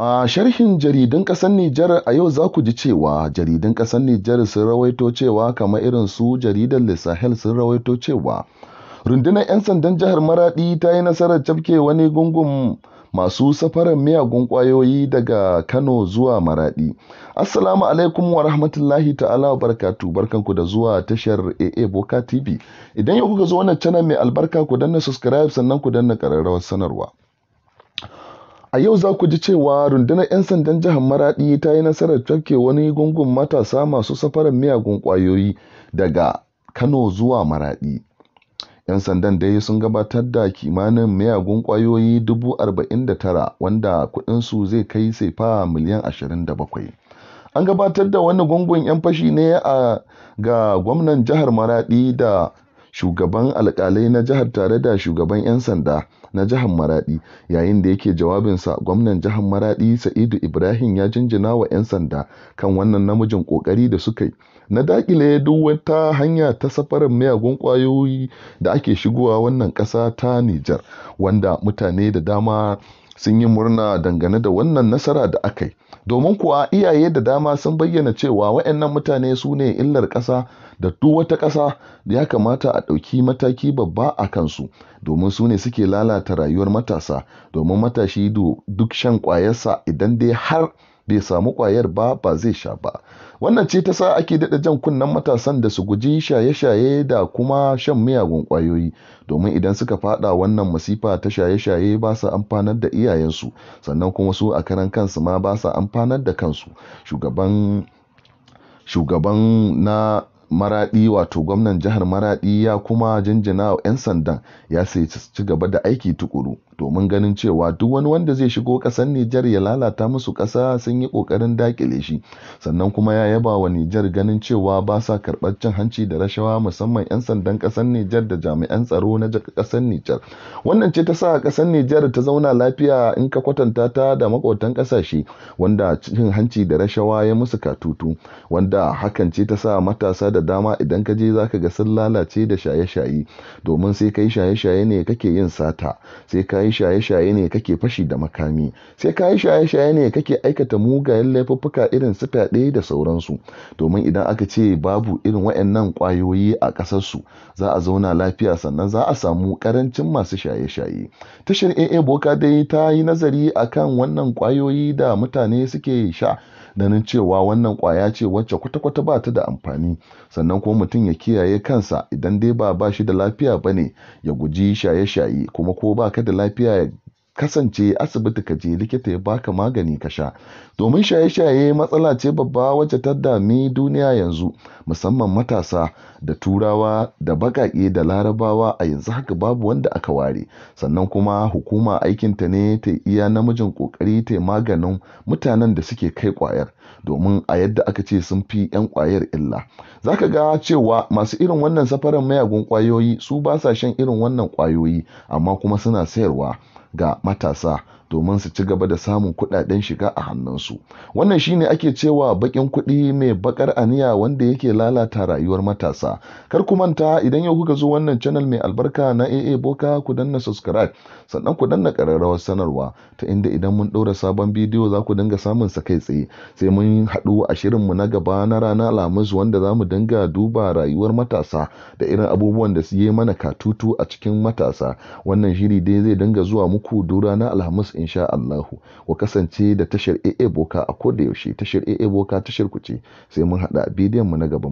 A sharhin jaridun ƙasar Nijar a yau za ku ji cewa jaridun ƙasar Nijar sun rawaito cewa kamar irin su jaridar Lissahel sun rawaito cewa rundunar 'yan sandan jihar Maradi ta yi nasarar cafke wani gungun masu safarar miyagun kwayoyi daga Kano zuwa Maradi. Assalamu alaikum wa rahmatullahi ta'ala wa barkatu barkanku da zuwa tashar AA Boka TV. Idan yau kuka zo wannan channel mai albarka ku danna subscribe sannan ku danna ƙararrawar sanarwa. A yau za ku ji cewa rundunar 'yan sandan jihar Maraɗi ta yi nasarar cakke wani gungun matasa masu safarar miyagun ƙwayoyi daga Kano zuwa Maraɗi. 'Yan sandan dai sun gabatar da kimanin miyagun ƙwayoyi 49,000 wanda kuɗinsu zai kai sefa miliyan 27. An gabatar da wani gungun 'yan fashi ne a ga gwamnan jihar Maraɗi da shugaban alkalai na jihar tare da shugaban 'yan sanda na jihar maradi yayin da yake jawabinsa gwamnan jihar maradi sa'idu ibrahim ya jinjina wa 'yan sanda kan wannan namijin kokari da suka yi na dakile duk wata hanya ta safarin miyagun kwayoyi da ake shigowa wannan ƙasa ta nijar wanda mutane da dama sun yi murna dangane da wannan nasara da aka yi domin kuwa iyaye da dama sun bayyana cewa waɗannan mutane su ne illar ƙasa da duk wata ƙasa ya kamata a ɗauki mataki babba a kansu domin su ne suke lalata rayuwar matasa domin matashi duk shan ƙwayarsa idan dai har bai samu ƙwayar ba ba zai sha ba wannan ce ta sa ake daɗa jan kunnen matasan da su guji shaye-shaye da kuma shan miyagun ƙwayoyi domin idan suka faɗa wannan masifa ta shaye-shaye ba sa amfanar da iyayensu sannan kuma su a karan kansu ma ba sa amfanar da kansu shugaban shugaban na Maraɗi wato gwamnan jihar Maraɗi ya kuma jinjina wa 'yan sandan ya sai ci gaba da aiki tukuru domin ganin cewa duk wani wanda zai shigo ƙasar Nijar ya lalata musu ƙasa sun yi ƙoƙarin dakile shi sannan kuma ya yaba wa Nijar ganin cewa ba sa karɓar cin hanci da rashawa musamman 'yan sandan ƙasar Nijar da jami'an tsaro na ƙasar Nijar wannan ce ta sa ƙasar Nijar ta zauna lafiya in ka kwatanta ta da makwabtan ƙasashe wanda cin hanci da rashawa ya musu katutu wanda hakan ce ta sa matasa da da dama idan ka je za ka ga sun lalace da shaye-shaye domin sai ka yi shaye-shaye ne kake yin sata sai ka yi shaye-shaye ne kake fashi da makami sai ka yi shaye-shaye ne kake aikata mugayen laifuffuka irin su fyaɗe da sauransu domin idan aka ce babu irin waɗannan ƙwayoyi a ƙasarsu za a zauna lafiya sannan za a samu ƙarancin masu shaye-shaye tashar AA Boka dai ta yi nazari akan wannan ƙwayoyi da mutane suke sha ganin cewa wannan ƙwaya ce wacce kwata-kwata ba ta da amfani sannan kuma mutum ya kiyaye kansa idan dai ba ba shi da lafiya ba ne ya guji shaye-shaye kuma ko ba ka da lafiya ya kasance asibiti ka je likita ya baka magani ka sha domin shaye-shaye matsala ce babba wacce ta dami duniya yanzu musamman matasa da turawa da bakaƙe da larabawa a yanzu haka babu wanda aka ware sannan kuma hukuma aikinta ne ta iya namijin ƙoƙari ta maganin mutanen da suke kai ƙwayar domin a yadda aka ce sun fi 'yan ƙwayar illa za ka ga cewa masu irin wannan safarar mayagun ƙwayoyi su ba sa shan irin wannan ƙwayoyi amma kuma suna sayarwa ga matasa domin su ci gaba da samun kudaden shiga a hannunsu wannan shine ake cewa baƙin kuɗi mai bakar aniya wanda yake lalata rayuwar matasa kar ku manta idan yau kuka zo wannan channel mai albarka na AA Boka ku danna subscribe sannan ku danna ƙararrawar sanarwa ta inda idan mun ɗora sabon bidiyo za ku dinga samun sa kai tsaye sai mun haɗu a mu na gaba na rana Alhamis wanda za mu dinga duba rayuwar matasa da irin abubuwan da su yi mana katutu a cikin matasa wannan shiri dai zai dinga zuwa muku dura na Alhamis insha Allahu ku kasance da tashar AA Boka a koda yaushe tashar AA Boka tashar ku ce sai mun haɗa a bidiyon mu na gaban